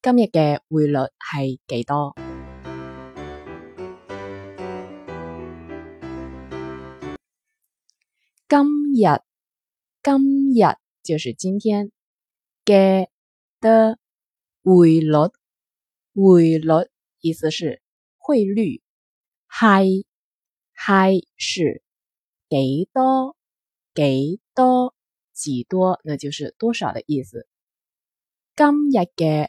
今日嘅匯率係幾多？今日今日就是今天嘅，的匯率匯率，匯率意思是匯率，係，係是幾多幾多，幾多，幾多，那就是多少的意思。今日嘅。